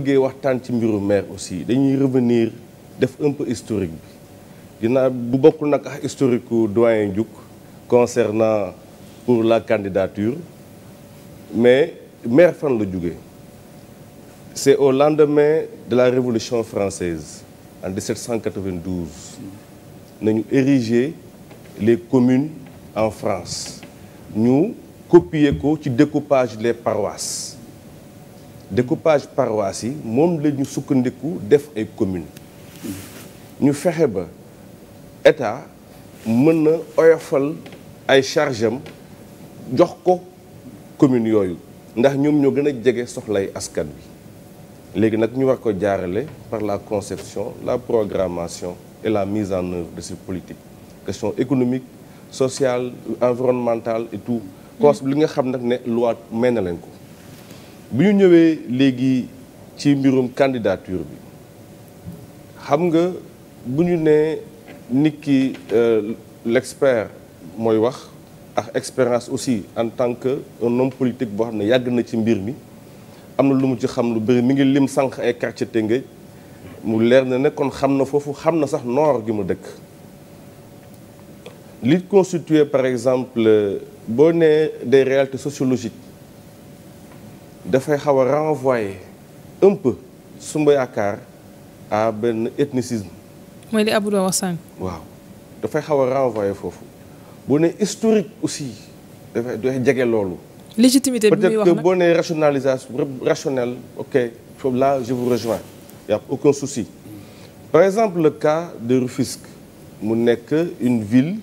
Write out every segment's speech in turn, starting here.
bëggee waxtaan ci mbiru maire aussi dañuy revenir def un peu historique bi dina bu bokkul nag ak historique doyen Diouk concernant pour la candidature mais maire fan la jóge c'est au lendemain de la Révolution française en 1792 nañu ériger les communes en France ñu copier ko ci découpage des paroisses découpage paroisse yi moom lañu sukkandiku def ay communes ñu fexe ba état mën na oyofal ay charge jox ko communes yooyu ndax ñoom ñoo gën a jege soxlay askan bi léegi nag ñu war ko jaarale par la conception la programmation et la mise en œuvre de ces politiques question économique sociale environnementale et tout mm. cos li nga xam nag ne loi may na leen ko bi ñu ñëwee léegi ci mbirum candidature bi xam nga bu ñu nee nit ki euh, l'expert mooy wax ak expérience aussi en tant que un politique boo xam ne yàgg na ci mbir mi am na lu mu ci xam lu bëri mi ngi lim sànq ay quartier Tëngéej mu leer na ne kon xam na foofu xam na sax noor gi mu dëkk li constitué par exemple euh, boo nee des réalités sociologiques dafay xaw a renvoyer un peu sumba yaakaar à benn ethnicisme. mooy li Abou doon wax sànq. waaw dafay xaw a foofu bu ne historique aussi dafay doy jege loolu. légitimité bi muy wax peut boo nee rationalisation rationnel ok foofu la je vous rejoins y a aucun souci par exemple le cas de Rufisque mu nekk une ville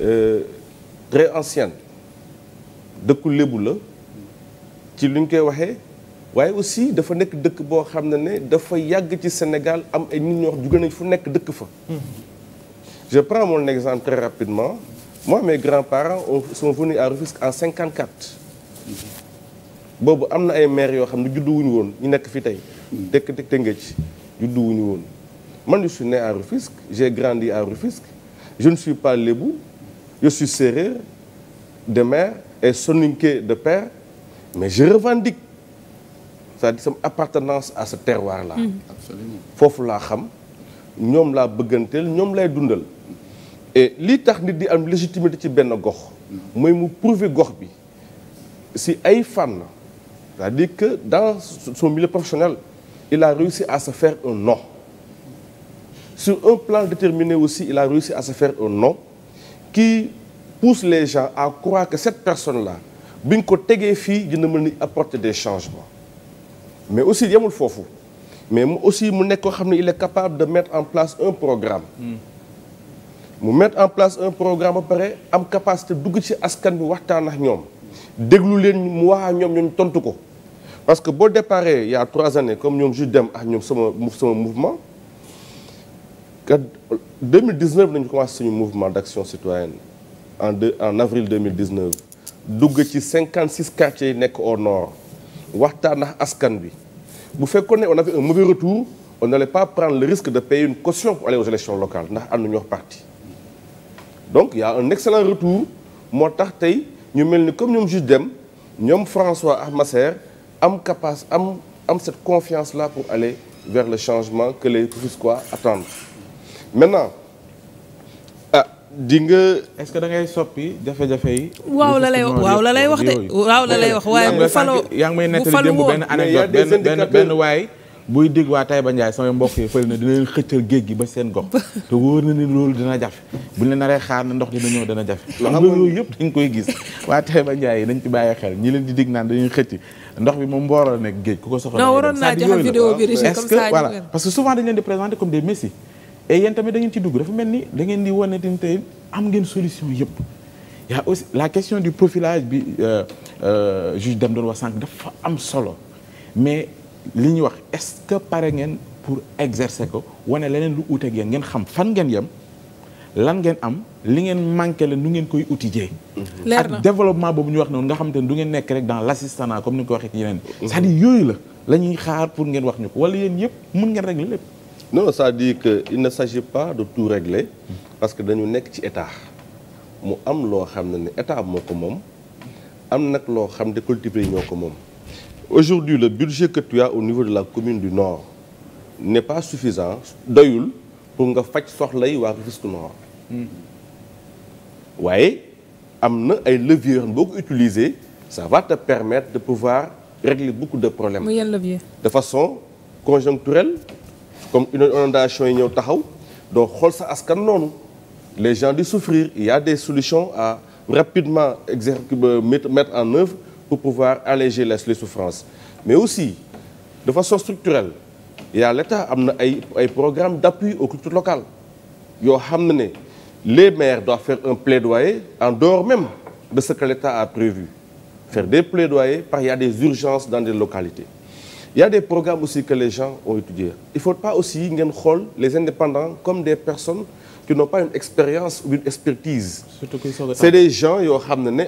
euh, très ancienne dëkku lébu la. ci li ñu koy waxee waaye aussi dafa nekk dëkk boo xam ne ne dafa yàgg ci Sénégal am ay nit ñoo wax jóge nañ fu nekk dëkk fa. je prends mon exemple très rapidement moi mes grands-parents sont venus à en cinquante 54. boobu am na ay maires yoo xam ne juddu wuñu woon ñu nekk fi tey. dëkk dëkk Tëngéej juddu wuñu woon man je suis né à Rufisque j'ai grandi à Rufisque je ne suis pas lébou je suis sérère de mère et soninké de père. mais je revendique c'est-à-dire sama appartenance à ce terroir là. Mm. foofu laa xam ñoom laa bëgganteel ñoom lay dundal. et lii tax nit di am légitimité ci benn gox. mooy mu prouver gox bi si ay fànn. c'est-à-dire que dans son milieu professionnel il a réussi à se faire un nom sur un plan déterminé aussi il a réussi à se faire un nom qui pousse les gens à croire que cette personne la bi nga ko tegee fii dina mën a apporter des changements mais aussi yemul foofu mais mu aussi mu nekk koo xam ne il est capable de mettre en place un programme. Hmm. mu mettre en place un programme ba pare am capacité dugg ci askan bi waxtaan ak ñoom déglu leen mu wax ñoom ñooñu tontu ko parce que boo déparé il y a trois années comme ñoom ju dem ak ñoom sama sama mouvement. kat 2019 nañu commencé suñu mouvement d'action citoyenne en deux en avril 2019. dugg ci 56 quartiers yi nekk au nord waxtaan ak askan bi bu fekkoon ne on avait un mauvais retour on n'allait pas prendre le risque de payer une caution pour aller aux élections locales ndax ànd ñoo parti donc y a un excellent retour moo tax tey ñu mel ni comme ñoom juge dem ñoom François ak Masser am capace am am cette confiance là pour aller vers le changement que les Rufisquois attendent maintenant di nga. est-ce que da ngay soppi jafe-jafe yi. waaw la lay wax de waaw la wax waaye bu faloo yaa ngi may nettali démb benn anecdote benn benn benn waay. buy dégg waa Taïba Ndiaye samay mbokk fële na dina leen géej gi ba seen gox te wóor na ni loolu dina jafe buñ la naree xaar na ndox dina ñëw dana jafe xam nga gis waa Taïba Ndiaye yi dañ ci bàyyi xel leen di dig naan dañuy xëcc ndox bi moom mbooroo nekk géej ku ko soxla non waroon naa joxe vidéo bi comme ça voilà parce que souvent dañ leen di présenter comme des messi et yéen tamit da ngeen ci dugg dafa mel ni da ngeen di wane tamit tey am ngeen solution yëpp la question du profilage bi euh, euh, juge dem doon wax sànq dafa am solo mais li ñuy wax est-ce que pare ngeen ko wane leneen lu uute ak yéen ngeen xam fan ngeen yam lan ngeen am li ngeen manqué la nu ngeen koy utijee mhm. ak développement boobu ñu wax noonu nga xam te ne ngeen nekk rek dans l'assistanat comme ni ko waxee ci yeneen cest yooyu la la ñuy xaar pour ngeen wax ni ko wala yéen yëpp mun ngeen régler lépp non c'est-à-dire que il ne s'agit pas de tout régler parce que dañu nekk ci état mu am loo xam ne ne état moo ko moom am nag loo xam ne collectivités ñoo ko moom aujourd'hui le budget que tu as au niveau de la commune du Nord n'est pas suffisant doyul pour nga faj soxla yi waa Rufisque Nord hmm. waaye am na ay leviers yoo boo ko utiliser ça va te permettre de pouvoir régler beaucoup de problèmes de façon conjoncturelle comme une inondation yi ñëw taxaw donc xool sa askan noonu les gens di souffrir il y des solutions à rapidement exercer mettre en œuvre pour pouvoir alléger les souffrances mais aussi de façon structurelle il y a l'État am na ay ay programmes d'appui aux cultures locales yoo xam ne ne les maires doivent faire un plaidoyer en dehors même de ce que l'État a prévu faire des plaidoyers parce qu'il y a des urgences dans des localités il y a des programmes aussi que les gens ont étudiés il faut pas aussi ngeen xool les indépendants comme des personnes qui n'ont pas une expérience ou une expertise c'est des gens yoo xam ne ne